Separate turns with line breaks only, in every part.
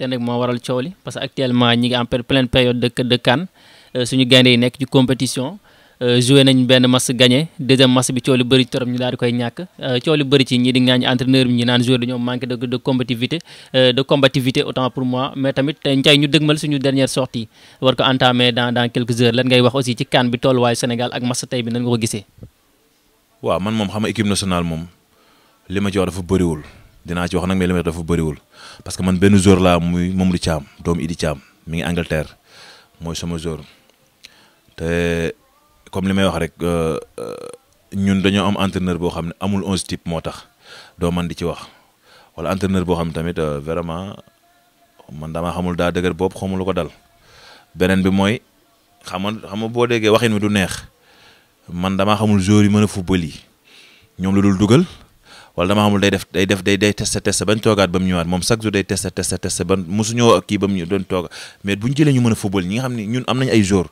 xamante ne moo waral coow li parce que actuellement ñi ngi en pleine période de de euh, suñu gaynde nekk ci compétition euh, joué nañ benn match gagné deuxième match bi coow li bëri torop ñu daal di koy ñàkk euh, coow li bëri ci ñi di ngaañ entraîneur bi ñi naan joueur dañoo manqué de de de combativité autant pour moi mais tamit tey ñu dëgmal suñu dernière sortie war ko entamer dans dans quelques heures lan ngay wax aussi ci CAN bi tolluwaayu Sénégal ak man
moom xam nga équipe nationale moom li ma ci wax dafa dinaa ci wax nag mais li may dafa bëriwul parce que man benn joueur laa muy Mamadou Thiam doomu Idi Thiam mi ngi Angleterre mooy sama joueur te comme li may wax rek euh, euh, ñun dañoo am entraîneur boo xam ne amul onze type moo tax doo man di ci wax wala entraîneur boo xam ne tamit euh, vraiment man damaa xamul daa dëgër bopp xamul ko dal beneen bi mooy xam nga xam boo déggee waxin wi neex man damaa xamul joueur yi mën a football yi ñoom lu dul dugal. wala dama xamul day def day def day day teste teste bañ toogaat ba mu ñëwaat moom chaque jour day teste teste teste ban mosuñoo kii ba mu ñu doon tooga bu jëlee ñu a football ñi nga xam ne ñun am nañ ay joueurs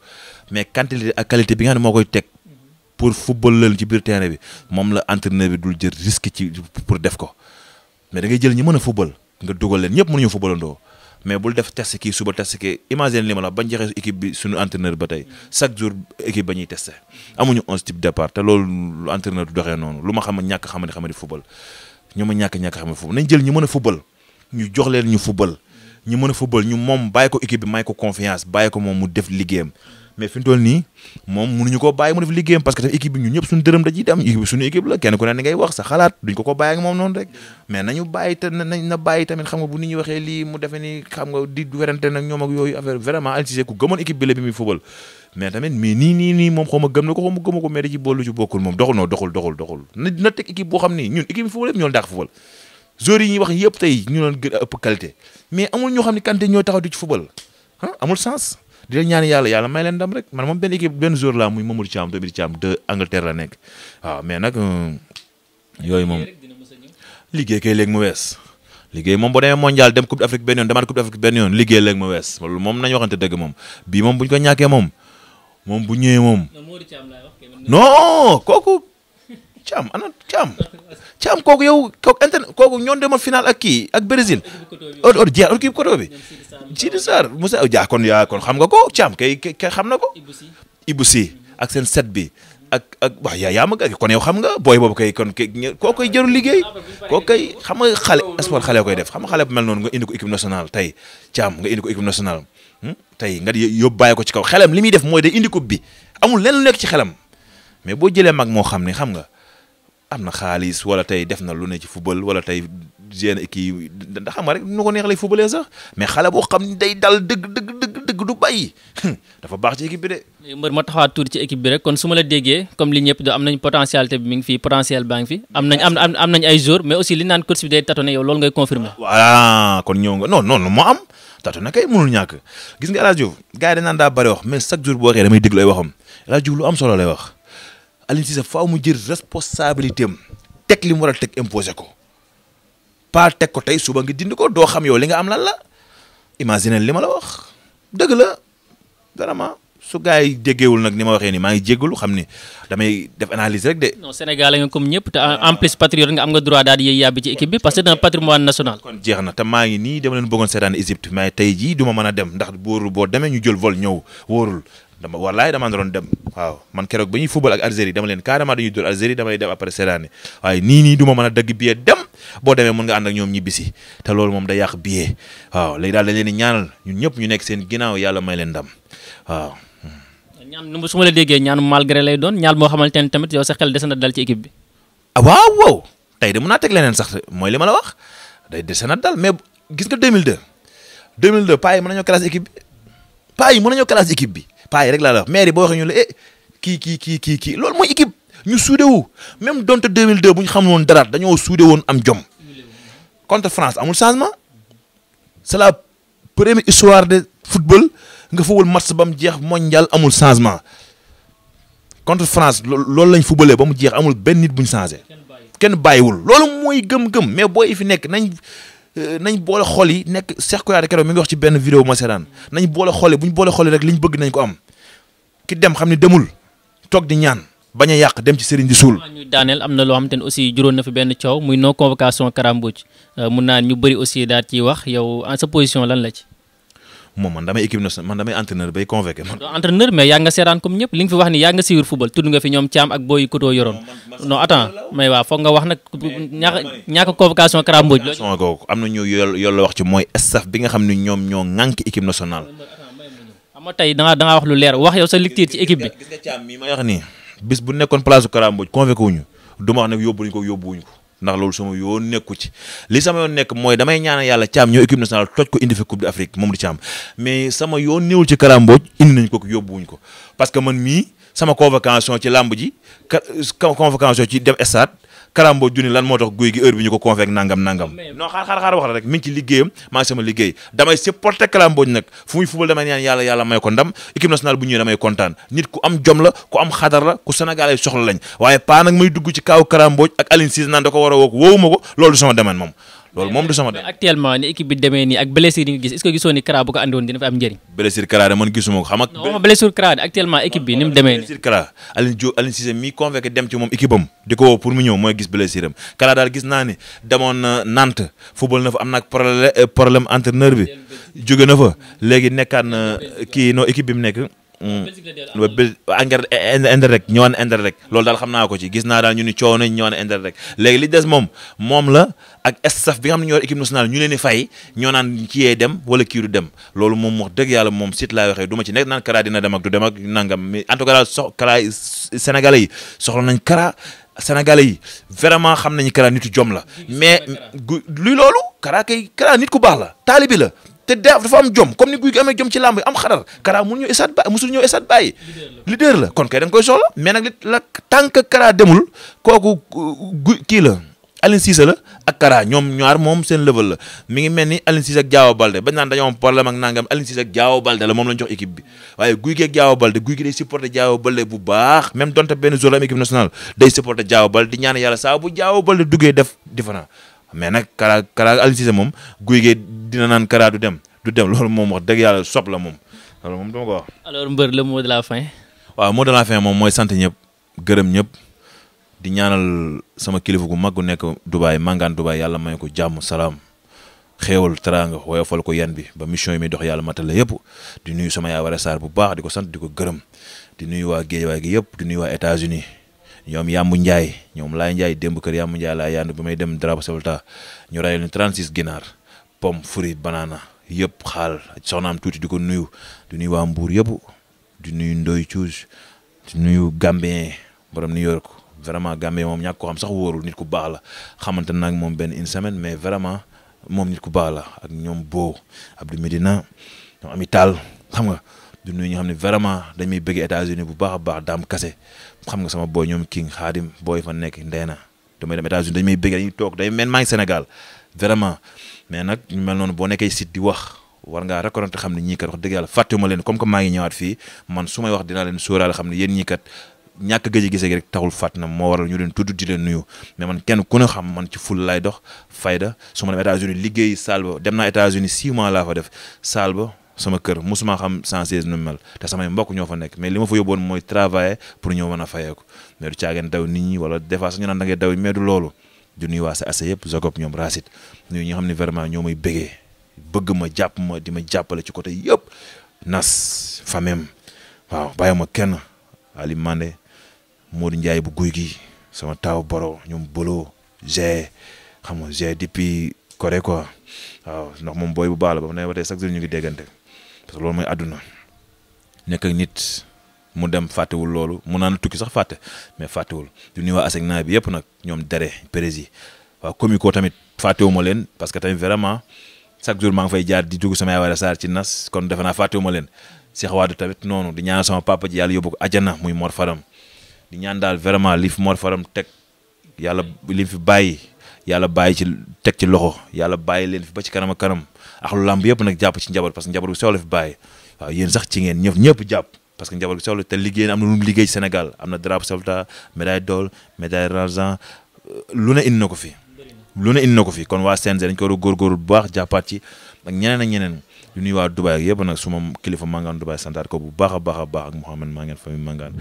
mais quantité ak qualité bi nga xam ne moo koy teg pour football lal ci biir terrain bi moom la entraîneur bi dul jël risque ci pour def ko mais da ngay jël ñi mën a football nga dugal leen ñëpp mënuñu footballandoo mais bul def test kii suba test kii imagine li ma la bañ joxe équipe bi suñu entraîneur ba tey chaque jour équipe ba ñuy testé amuñu onze type départ te loolu entraîneur du noonu lu ma xam ñàkk xam ne xam ne football ñu ma ñàkk ñàkk xam ne football nañ jël ñu mën a football ñu jox leen ñu football ñu mën a football ñu moom bàyyi ko équipe bi may ko confiance bàyyi ko moom mu def liggéeyam mais fi mu toll nii moom mënuñu ko bàyyi mu def liggéeyam parce que tamit équipe bi ñun ñëpp suñu dërëm da ciy dem équipe bi suñu équipe la kenn ku ne ni ngay wax sa xalaat duñ ko ko bàyyi ak moom noonu rek mais nañu bàyyi te nañ na bàyyi tamit xam nga bu nit ñi waxee lii mu defee ni xam nga di werante nag ñoom ak yooyu affaire vraiment Aliou Cissé ku gëmoon équipe bi la bi muy football mais tamit mais nii nii nii moom xaw ma gëm na ko xaw ma gëma ko mais da ci boolu ci bokkul moom doxul noo doxul doxul doxul na na teg équipe boo xam ni ñun équipe bi football yëpp ñoo dàq football joueurs yi ñuy wax yëpp tey ñu doon gën a ëpp qualité mais amul ñoo xam ne quantité ñoo taxaw di ci football ah amul sens di leen ñaan yàlla yàlla may leen ndam rek man moom benn équipe benn joueur laa muy Mamadou Thiam Tobir Thiam de Angleterre la nekk waaw mais nag euh, yooyu moom liggéey kay léegi mu wees liggéey moom boo demee mondial dem coupe d'Afrique benn yoon demaat coupe d'Afrique benn yoon liggéey léegi mu wees loolu moom nañu waxante dëgg moom bii moom bu ñu ko ñàkkee moom moom bu ñëwee moom non kooku Thiam ana Thiam Thiam kooku yow kooku internet kooku ñoon demoon final ak kii ak Brésil od od jeex od kii koto bi Sidi Sarr Moussa Dia oh, kon yaa kon xam nga ko Thiam kay kay na ko Ibou Sy ak seen set bi ak ak waaw yaa yaa ma kon yow xam nga booy boobu kay kon koo koy jëru liggéey koo koy xam nga xale sport xale koy def xam nga xale bu mel noonu nga indi ko équipe nationale tey Thiam nga indi ko équipe hmm, tey nga yóbbaay ko ci kaw xelam li muy def mooy day indi coupe bi amul lenn nekk ci xelam mais boo jëlee mag moo xam ne xam nga am na xaalis wala tey def na lu ne ci football wala tey génn kii da xam nga rek nu ko neex lay footballee sax mais xale boo xam day dal dëgg dëgg dëgg dëgg du
bàyyi dafa baax ci équipe bi de. mbër ma taxawaat tuuti ci équipe bi rek kon su ma la déggee comme li ñëpp do am nañ ngi fii potentiel baa ngi fi am nañ am am nañ ay joueurs mais aussi li naan coach bi day tâtonné yow loolu ngay confirmer
voilà kon ñëw nga non non moo am tâtonné kay mënul ñàkk gis nga El Hadj Diouf gars yi dañ naan daa bëri wax mais chaque jour boo waxee damay déglu ay waxam am solo lay wax. Aliou Cissé faaw mu jël responsabilité am teg li mu war a teg imposé ko pas teg ko tey suba nga dindi ko doo xam yow li nga am lan la imagine li ma la wax dëgg la vraiment su gars yi nag ni ma waxee ni maa ngi jéggalu xam ni damay def analyse rek de. non
Sénégal nga comme ñëpp te en plus nga am nga droit daal di ci équipe bi parce que c'est patrimoine national. kon
jeex na te maa ngi nii dama leen bëggoon seetaan Égypte mais tey jii duma ma mën a dem ndax wóorul boo demee ñu jël vol ñëw wóorul dama wallaay dama doon dem waaw man keroog ba ñuy football ak Algérie dama leen carrément dañuy dóor Algérie damay dem après seetaane waaye nii nii du ma a dagg billet dem boo demee mën nga ànd ñoom ñibbisi te loolu moom day yàq billet waaw léegi daal dañ leen ñaanal ñun ñëpp ñu nekk seen
ginnaaw yàlla may leen ndam waaw. ñaan nu su ma la déggee ñaan malgré lay doon ñaal moo xamante ne tamit yow sa xel des na dal ci équipe bi. ah waaw waaw tey de mën naa mooy li
ma la wax day des na dal mais gis nga 2002 2002 paa yi mën nañoo classe équipe paa yi mën nañoo classe équipe bi paa yi rek laa la wax maire yi boo waxee ñu la eh kii kii kii kii kii loolu mooy équipe ñu suude wu même donte 2002 bu ñu xamul woon dara dañoo suude woon am jom contre France amul changement c'est la histoire de football nga fawul match ba mu jeex mondial amul changement contre France loolu lañ footballee ba mu jeex amul benn nit bu ñu changé kenn bàyyiwul loolu mooy gëm-gëm mais boo yi nekk nañ Euh, nañ boole xol yi nekk Cheikh Kouyaté keroog mi ngi wax ci benn vidéo ma seetaan nañ boole xol yi bu ñu boole xol yi rek liñ bëgg nañ ko am ki dem xam ni demul toog di ñaan bañ a yàq dem ci sëriñ di suul.
ñuy daaneel am na loo xam te ne aussi juróon na fi benn coow muy non convocation Karam Mbodj euh, mun naan ñu bëri aussi daal ciy wax yow en sa position lan la ci.
moom man damay équipe nationale man damay entraîneur bay convoqué man.
entraîneur mais yaa nga seetaan comme ñëpp li nga fi wax ni yaa
wax na ci mooy staff bi nga xam ne ñoom ñoo ŋànk équipe nationale
xam nga tey dangaa dangaa wax lu leer wax yow sa lecture ci équipe bi gis may wax nii
bis bu nekkoon place u Kara Mbodj convoqué wuñu du ma wax ne yóbbuñu ko yóbbuwuñu ko ndax loolu sama yoon nekku ci li sama yoon nekk mooy damay ñaanal yàlla Thiam ñoo équipe nationale toj ko indi fi coupe d'Afrique moom du Thiam mais sama yoon néewul ci Kara Mbodj indi nañ ko yóbbuwuñ ko parce que man mii sama convocation ci làmb ji convocation ci dem stade karambo junni lan moo tax guy gi heure bi ñu ko convoqué nangam nangam non xaar xaar xaar wax la rek mi ci liggéeyam maa sama liggéey damay supporté karambo nag fu muy fubal damay ñaan yàlla yàlla may ko ndam équipe nationale bu ñëwee damay kontaan nit ku am jom la ku am xadar ku Sénégal ay soxla lañ waaye paa nag may dugg ci kaaw karambooj ak Aline Cissé naan da ko war a woo ko loolu du sama domaine
loolu moom du sama dem actuellement ni équipe bi demee nii ak blessure yi nga gis est-ce que gisoo ni Kara bu ko àndoon dina fa am njëriñ blessure Kara de man gisuma ko xam ak Kara de actuellement équipe bi ni mu demee blessure Kara Aliou Diop
Aliou dem ci moom équipe am di ko woo pour mu ñëw mooy gis blessure am daal gis naa ni demoon na Nantes am na problème euh, problème bi jóge na fa léegi na kii non équipe bi mu nekk Mm. ba engrais engrais eh, rek ñëwaan engrais rek loolu daal xam naa ko ci gis naa daal ñu ni coow nañ ñëwaan engrais rek léegi li des moom moom la ak staff bi nga xam ne ñoo équipe nationale ñu leen di fay ñoo naan kii yee dem wala kii dem loolu moom wax dëgg yàlla moom sit laay waxee du ma ci nekk naan Kara dina dem ak du dem ak nangam mais en tout cas daal sox Kara yi soxla nañ Kara Sénégalais yi vraiment xam nañu Kara nitu jom la mais luy loolu Kara kay Kara nit ku baax la taalibi la te dafa am jom comme ni guy gi amee jom ci làmb yi am xadar Kara mun ñëw esaat bàyyi musul ñëw esaat bàyyi. la kon kay da nga koy soxla mais nag li la tant que Kara demul kooku gu kii la Alioune Cissé la ak Kara ñoom ñaar moom seen level la mi ngi mel ni Alioune Cissé ak Diao Balde bañ naan dañoo am problème ak nangam Alioune Cissé ak Diao Balde la moom la jox équipe bi waaye guy gi ak Diao Balde guy gi day supporter Diao Balde bu baax même donte benn jour la am équipe nationale day supporter Diao di ñaan yàlla saa bu Diao Balde duggee def différent mais nag Kara Kara Aliou Cissé moom guy gee dina naan Kara du dem du dem loolu moom moo dëgg yàlla sob la moom loolu
moom dama ko wax. alors Mbër le mot de la fin.
waaw mot fin moom mooy sant ñëpp gërëm ñëpp di ñaanal sama kilifa gu mag gu nekk Dubaay Mangane Dubaay yàlla may ko jàmm salaam xéewal teraanga fool ko yan bi ba mission yi muy dox yàlla matal la yëpp di nuyu sama yaay Wara Sarr bu baax di ko sant di ko gërëm di nuyu waa Guédiawaye gi yëpp di nuyu waa États-Unis ñoom yàmbu njaay ñoom laay njaay démb kër yàmbu njaay laa yaandu bi may dem drapeau Sébikotane ñu rayal ñu 36 ginaar pomme fruit banana yëpp xaal soxnaam tuuti di ko nuyu di nuyu waa Mbour yëpp di nuyu Ndoy Cuus di nuyu Gambien borom New York vraiment Gambien moom ñàkk ko xam sax wóorul nit ku baax la xamante nag moom benn une semaine mais vraiment moom nit ku baax la ak ñoom boo Abdou Medina Ami Tall xam nga du nuyu ñi xam ne vraiment dañ may bëgg États-Unis bu baax a baax daam kase xam nga sama boy ñoom King Xaadim booy fa nekk Ndeyna damay dem États-Unis dañ may bëgg toog day mel boo nekkee site di wax war ngaa reconnaître xam ne ñii kat wax dëgg yàlla fàttewuma leen comme que maa ngi ñëwaat fii man su may wax dinaa leen sóoraale xam ne yéen ñii kat ñàkk gëj rek taxul fàtt na moo waral ñu leen tudd di leen nuyu mais man kenn ku ne xam man ci ful laay dox fayda su ma dem États-Unis liggéey saal dem na États-Unis six mois laa fa def saal sama kër mosuma xam 116 nu mel te samay mbokk ñoo fa nekk mais li ma fa yóbboon mooy travailler pour ñoo mën a fayeeku mais du caageen daw nit ñi wala des fois sax ñu naan da ngay daw mais du loolu du nuy waa sa ase yëpp Jacob ñoom Racide ñuy ñi nga xam ne vraiment bëggee bëgg ma jàpp ma di ma jàppale ci côté yëpp nas famem waaw bàyyi ma kenn Ali moo Modou njaay bu guy gi sama taw boro ñoom bolo g xam nga g depuis Corée quoi waaw ndax moom booy bu baax la ñu ngi déggante parce que loolu mooy àdduna nekk nit mu dem fàttewul loolu mu naan tukki sax fàtte mais fàttewul du nuyu waa ASECNA bi yëpp nag ñoom dare prési waaw comico tamit fàttewuma leen parce que tamit vraiment chaque jour maa ngi fay jaar di dugg sama yaay war saar ci nas kon defe naa fàttewuma leen Cheikh Wade tamit noonu di ñaan sama papa ji yàlla yóbbu ko àjjana muy Mor Faram di ñaan daal vraiment li fi Mor Faram teg yàlla li fi bàyyi yàlla bàyyi ci teg ci loxo yàlla bàyyi leen fi ba ci kanam kanam axlu làmb yëpp nag jàpp ci njaboot parce que njaboot ci ngeen ñëpp ñëpp jàpp parce que njaboot gu sew la te liggéey am na lu mu liggéey Sénégal am na drapeau Safta médaille d'or médaille d'argent euh, lu ne indi na ko fi lu ne indi na ko fi kon waa CNG dañ ko war a góorgóorlu bu baax jàppaat ci ak ñeneen ak ñeneen yu nuy waa Dubaay ak yëpp nag suma kilifa mangaan Dubaay santaat ko bu baax a baax a baax ak Mouhamed mangaan famille mangaan